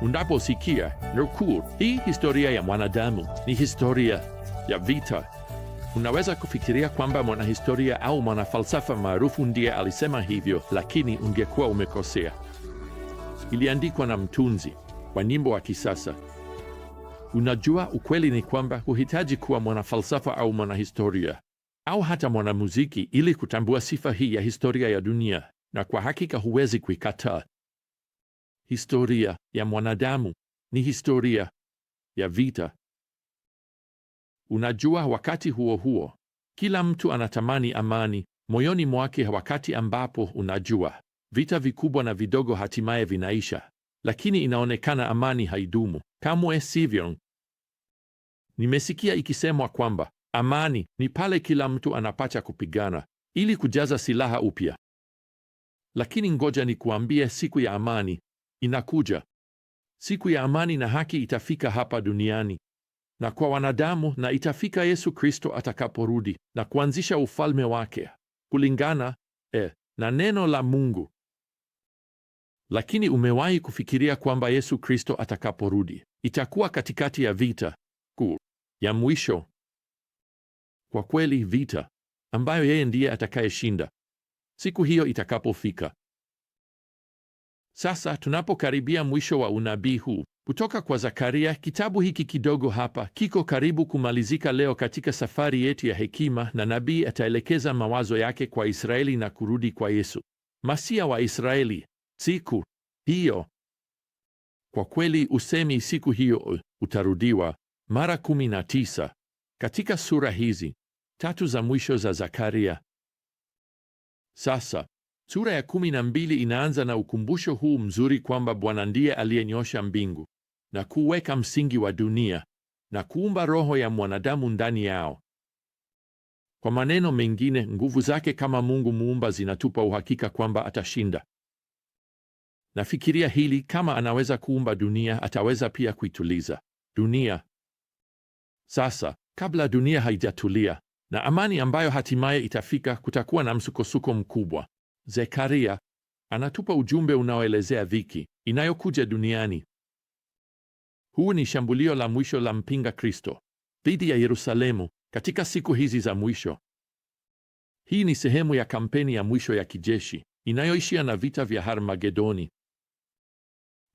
unaposikia nukuu hii historia ya mwanadamu ni historia ya vita, unaweza kufikiria kwamba mwanahistoria au mwanafalsafa maarufu ndiye alisema hivyo, lakini ungekuwa umekosea. Iliandikwa na mtunzi kwa nyimbo wa kisasa. Unajua, ukweli ni kwamba huhitaji kuwa mwanafalsafa au mwanahistoria au hata mwanamuziki ili kutambua sifa hii ya historia ya dunia, na kwa hakika huwezi kuikataa. Historia ya mwanadamu ni historia ya vita. Unajua, wakati huo huo kila mtu anatamani amani moyoni mwake, wakati ambapo unajua vita vikubwa na vidogo hatimaye vinaisha, lakini inaonekana amani haidumu kamwe, sivyo? Nimesikia ikisemwa kwamba amani ni pale kila mtu anapata kupigana ili kujaza silaha upya, lakini ngoja nikuambie, siku ya amani inakuja. Siku ya amani na haki itafika hapa duniani na kwa wanadamu, na itafika Yesu Kristo atakaporudi na kuanzisha ufalme wake kulingana eh, na neno la Mungu. Lakini umewahi kufikiria kwamba Yesu Kristo atakaporudi itakuwa katikati ya vita kuu ya mwisho? Kwa kweli, vita ambayo yeye ndiye atakayeshinda siku hiyo itakapofika. Sasa tunapokaribia mwisho wa unabii huu kutoka kwa Zakaria, kitabu hiki kidogo hapa kiko karibu kumalizika leo katika safari yetu ya hekima, na nabii ataelekeza mawazo yake kwa Israeli na kurudi kwa Yesu Masia wa Israeli siku hiyo. Kwa kweli usemi siku hiyo uh, utarudiwa mara 19 katika sura hizi tatu za mwisho za Zakaria. Sasa Sura ya kumi na mbili inaanza na ukumbusho huu mzuri kwamba Bwana ndiye aliyenyosha mbingu na kuweka msingi wa dunia na kuumba roho ya mwanadamu ndani yao. Kwa maneno mengine, nguvu zake kama Mungu muumba zinatupa uhakika kwamba atashinda. Nafikiria hili, kama anaweza kuumba dunia, ataweza pia kuituliza dunia. Sasa, kabla dunia haijatulia na amani ambayo hatimaye itafika, kutakuwa na msukosuko mkubwa Zekaria anatupa ujumbe unaoelezea viki inayokuja duniani. Huu ni shambulio la mwisho la mpinga Kristo dhidi ya Yerusalemu katika siku hizi za mwisho. Hii ni sehemu ya kampeni ya mwisho ya kijeshi inayoishia na vita vya Harmagedoni.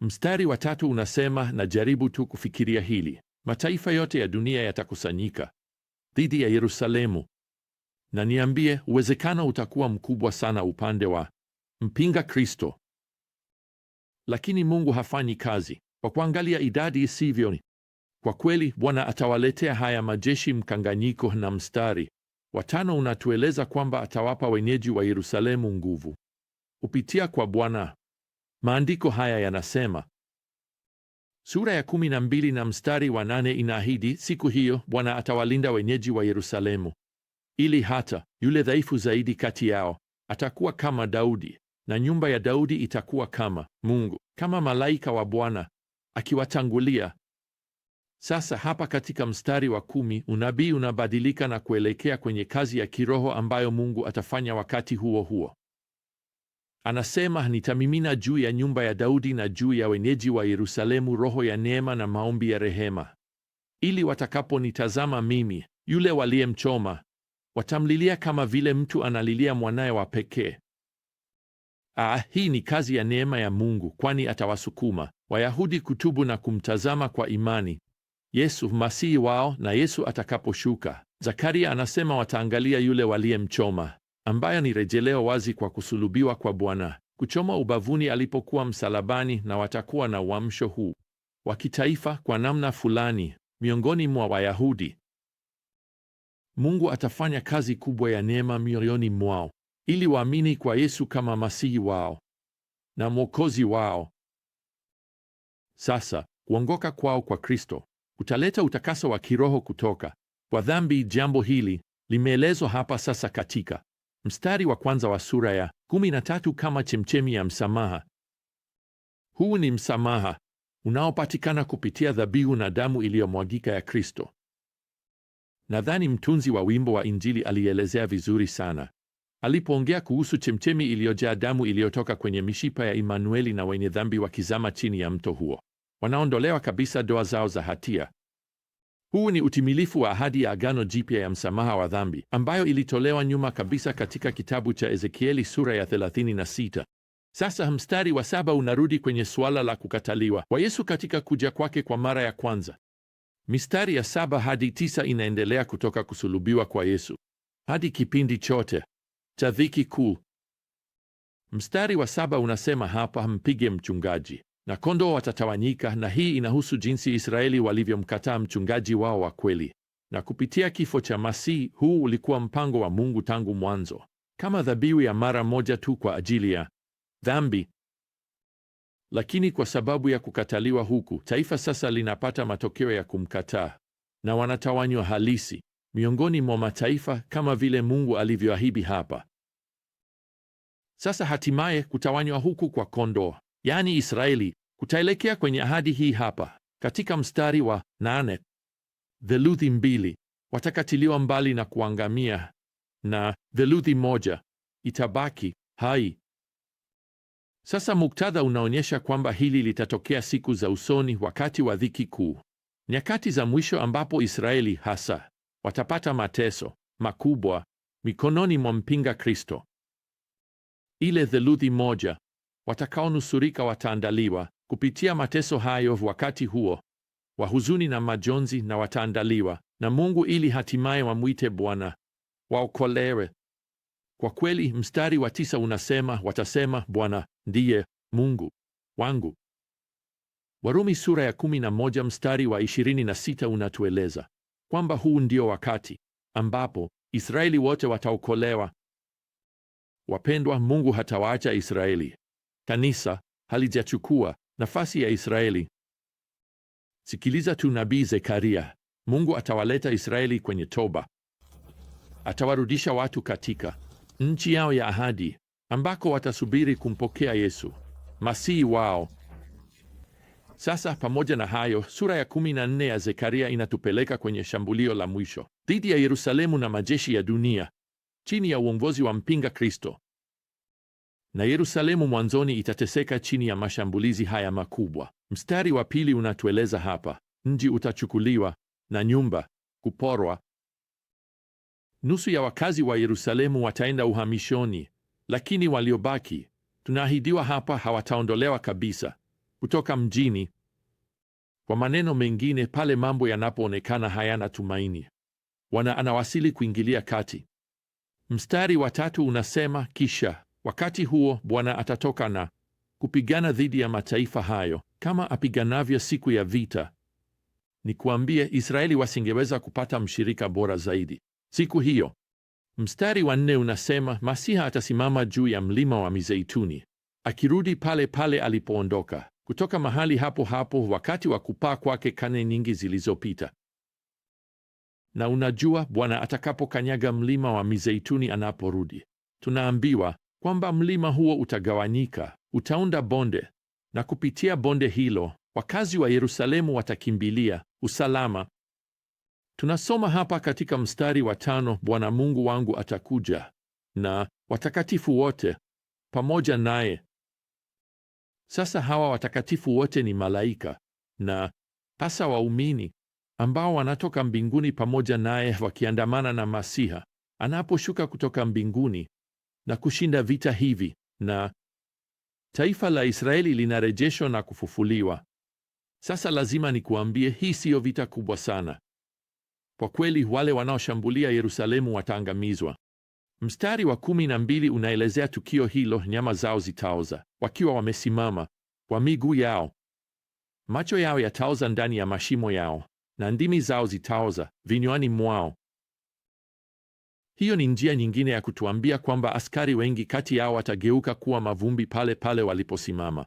Mstari wa tatu unasema, na jaribu tu kufikiria hili, mataifa yote ya dunia yatakusanyika dhidi ya Yerusalemu na niambie, uwezekano utakuwa mkubwa sana upande wa mpinga Kristo. Lakini Mungu hafanyi kazi kwa kuangalia idadi isivyo. Kwa kweli, Bwana atawaletea haya majeshi mkanganyiko, na mstari wa tano unatueleza kwamba atawapa wenyeji wa Yerusalemu nguvu kupitia kwa Bwana. Maandiko haya yanasema Sura ya kumi na mbili na mstari wa nane inaahidi siku hiyo Bwana atawalinda wenyeji wa Yerusalemu ili hata yule dhaifu zaidi kati yao atakuwa kama Daudi na nyumba ya Daudi itakuwa kama Mungu, kama malaika wa Bwana akiwatangulia. Sasa hapa katika mstari wa kumi unabii unabadilika na kuelekea kwenye kazi ya kiroho ambayo Mungu atafanya wakati huo huo. Anasema, nitamimina juu ya nyumba ya Daudi na juu ya wenyeji wa Yerusalemu roho ya neema na maombi ya rehema, ili watakaponitazama mimi, yule waliyemchoma, Watamlilia kama vile mtu analilia mwanaye wa pekee. Ah, hii ni kazi ya neema ya Mungu, kwani atawasukuma Wayahudi kutubu na kumtazama kwa imani Yesu Masihi wao. Na Yesu atakaposhuka, Zakaria anasema wataangalia yule waliyemchoma, ambaye ni rejeleo wazi kwa kusulubiwa kwa Bwana, kuchoma ubavuni alipokuwa msalabani, na watakuwa na uamsho huu wa kitaifa kwa namna fulani miongoni mwa Wayahudi. Mungu atafanya kazi kubwa ya neema mioyoni mwao ili waamini kwa Yesu kama Masihi wao na Mwokozi wao. Sasa kuongoka kwao kwa Kristo utaleta utakaso wa kiroho kutoka kwa dhambi. Jambo hili limeelezwa hapa sasa katika mstari wa kwanza wa sura ya 13 kama chemchemi ya msamaha. Huu ni msamaha unaopatikana kupitia dhabihu na damu iliyomwagika ya Kristo. Nadhani mtunzi wa wimbo wa Injili alielezea vizuri sana alipoongea kuhusu chemchemi iliyojaa damu iliyotoka kwenye mishipa ya Imanueli, na wenye dhambi wakizama chini ya mto huo wanaondolewa kabisa doa zao za hatia. Huu ni utimilifu wa ahadi ya Agano Jipya ya msamaha wa dhambi ambayo ilitolewa nyuma kabisa katika kitabu cha Ezekieli sura ya 36. Sasa mstari wa saba unarudi kwenye suala la kukataliwa kwa Yesu katika kuja kwake kwa mara ya kwanza. Mistari ya saba hadi tisa inaendelea kutoka kusulubiwa kwa Yesu hadi kipindi chote cha dhiki kuu. Mstari wa saba unasema hapa, mpige mchungaji na kondoo watatawanyika, na hii inahusu jinsi Israeli walivyomkataa mchungaji wao wa kweli, na kupitia kifo cha Masihi, huu ulikuwa mpango wa Mungu tangu mwanzo, kama dhabihu ya mara moja tu kwa ajili ya dhambi. Lakini kwa sababu ya kukataliwa huku, taifa sasa linapata matokeo ya kumkataa na wanatawanywa halisi miongoni mwa mataifa kama vile Mungu alivyoahidi hapa. Sasa hatimaye kutawanywa huku kwa kondoo, yani Israeli, kutaelekea kwenye ahadi hii hapa katika mstari wa nane: theluthi mbili watakatiliwa mbali na kuangamia na theluthi moja itabaki hai. Sasa muktadha unaonyesha kwamba hili litatokea siku za usoni, wakati wa dhiki kuu, nyakati za mwisho, ambapo Israeli hasa watapata mateso makubwa mikononi mwa mpinga Kristo. Ile theluthi moja watakaonusurika wataandaliwa kupitia mateso hayo, wakati huo wa huzuni na majonzi, na wataandaliwa na Mungu ili hatimaye wamwite Bwana, waokolewe. Kwa kweli, mstari wa tisa unasema, watasema Bwana ndiye Mungu wangu. Warumi sura ya 11 mstari wa 26 unatueleza kwamba huu ndio wakati ambapo Israeli wote wataokolewa. Wapendwa, Mungu hatawaacha Israeli. Kanisa halijachukua nafasi ya Israeli. Sikiliza tu nabii Zekaria. Mungu atawaleta Israeli kwenye toba, atawarudisha watu katika nchi yao ya ahadi ambako watasubiri kumpokea Yesu Masihi wao. Sasa pamoja na hayo, sura ya 14 ya Zekaria inatupeleka kwenye shambulio la mwisho dhidi ya Yerusalemu na majeshi ya dunia chini ya uongozi wa mpinga Kristo. Na Yerusalemu mwanzoni itateseka chini ya mashambulizi haya makubwa. Mstari wa pili unatueleza hapa, mji utachukuliwa na nyumba kuporwa Nusu ya wakazi wa Yerusalemu wataenda uhamishoni, lakini waliobaki, tunaahidiwa hapa, hawataondolewa kabisa kutoka mjini. Kwa maneno mengine, pale mambo yanapoonekana hayana tumaini, wana anawasili kuingilia kati. Mstari wa tatu unasema, kisha wakati huo Bwana atatoka na kupigana dhidi ya mataifa hayo kama apiganavyo siku ya vita. Nikuambie, Israeli wasingeweza kupata mshirika bora zaidi siku hiyo. Mstari wa nne unasema Masiha atasimama juu ya mlima wa Mizeituni, akirudi pale pale alipoondoka kutoka mahali hapo hapo wakati wa kupaa kwake karne nyingi zilizopita. Na unajua, Bwana atakapokanyaga mlima wa Mizeituni anaporudi, tunaambiwa kwamba mlima huo utagawanyika, utaunda bonde, na kupitia bonde hilo wakazi wa Yerusalemu watakimbilia usalama Tunasoma hapa katika mstari wa tano, Bwana Mungu wangu atakuja na watakatifu wote pamoja naye. Sasa hawa watakatifu wote ni malaika na hasa waumini ambao wanatoka mbinguni pamoja naye wakiandamana na Masiha anaposhuka kutoka mbinguni na kushinda vita hivi, na taifa la Israeli linarejeshwa na kufufuliwa. Sasa lazima nikuambie, hii siyo vita kubwa sana. Kwa kweli wale wanaoshambulia Yerusalemu wataangamizwa. Mstari wa kumi na mbili unaelezea tukio hilo: nyama zao zitaoza wakiwa wamesimama kwa miguu yao, macho yao yataoza ndani ya mashimo yao, na ndimi zao zitaoza vinywani mwao. Hiyo ni njia nyingine ya kutuambia kwamba askari wengi kati yao watageuka kuwa mavumbi pale pale waliposimama.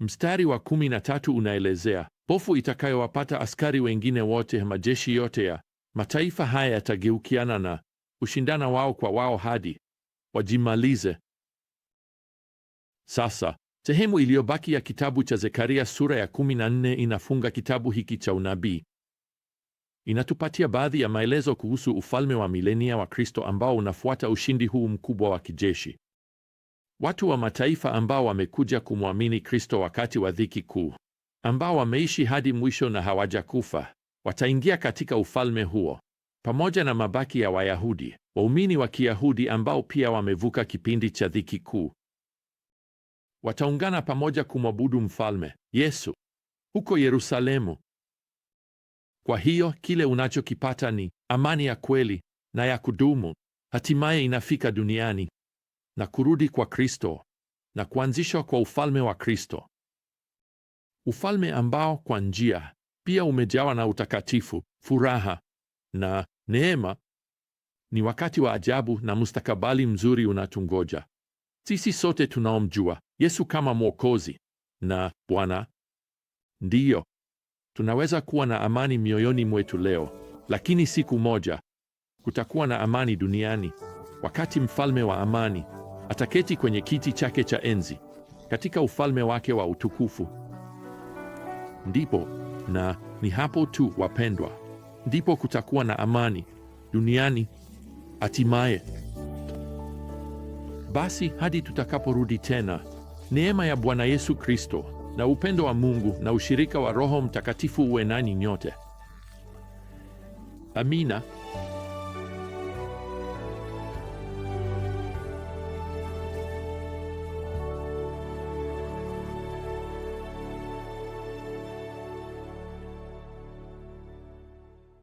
Mstari wa kumi na tatu unaelezea hofu itakayowapata askari wengine wote. Majeshi yote ya mataifa haya yatageukiana na ushindana wao kwa wao hadi wajimalize. Sasa sehemu iliyobaki ya kitabu cha Zekaria sura ya 14 inafunga kitabu hiki cha unabii. Inatupatia baadhi ya maelezo kuhusu ufalme wa milenia wa Kristo ambao unafuata ushindi huu mkubwa wa kijeshi. Watu wa mataifa ambao wamekuja kumwamini Kristo wakati wa dhiki kuu ambao wameishi hadi mwisho na hawajakufa wataingia katika ufalme huo pamoja na mabaki ya Wayahudi, waumini wa Kiyahudi ambao pia wamevuka kipindi cha dhiki kuu. Wataungana pamoja kumwabudu mfalme Yesu huko Yerusalemu. Kwa hiyo kile unachokipata ni amani ya kweli na ya kudumu, hatimaye inafika duniani na kurudi kwa Kristo na kuanzishwa kwa ufalme wa Kristo ufalme ambao kwa njia pia umejawa na utakatifu, furaha na neema. Ni wakati wa ajabu na mustakabali mzuri unatungoja. Sisi sote tunaomjua Yesu kama Mwokozi na Bwana, ndiyo tunaweza kuwa na amani mioyoni mwetu leo, lakini siku moja kutakuwa na amani duniani, wakati mfalme wa amani ataketi kwenye kiti chake cha enzi katika ufalme wake wa utukufu ndipo na ni hapo tu wapendwa, ndipo kutakuwa na amani duniani hatimaye. Basi hadi tutakaporudi tena, neema ya Bwana Yesu Kristo na upendo wa Mungu na ushirika wa Roho Mtakatifu uwe nanyi nyote. Amina.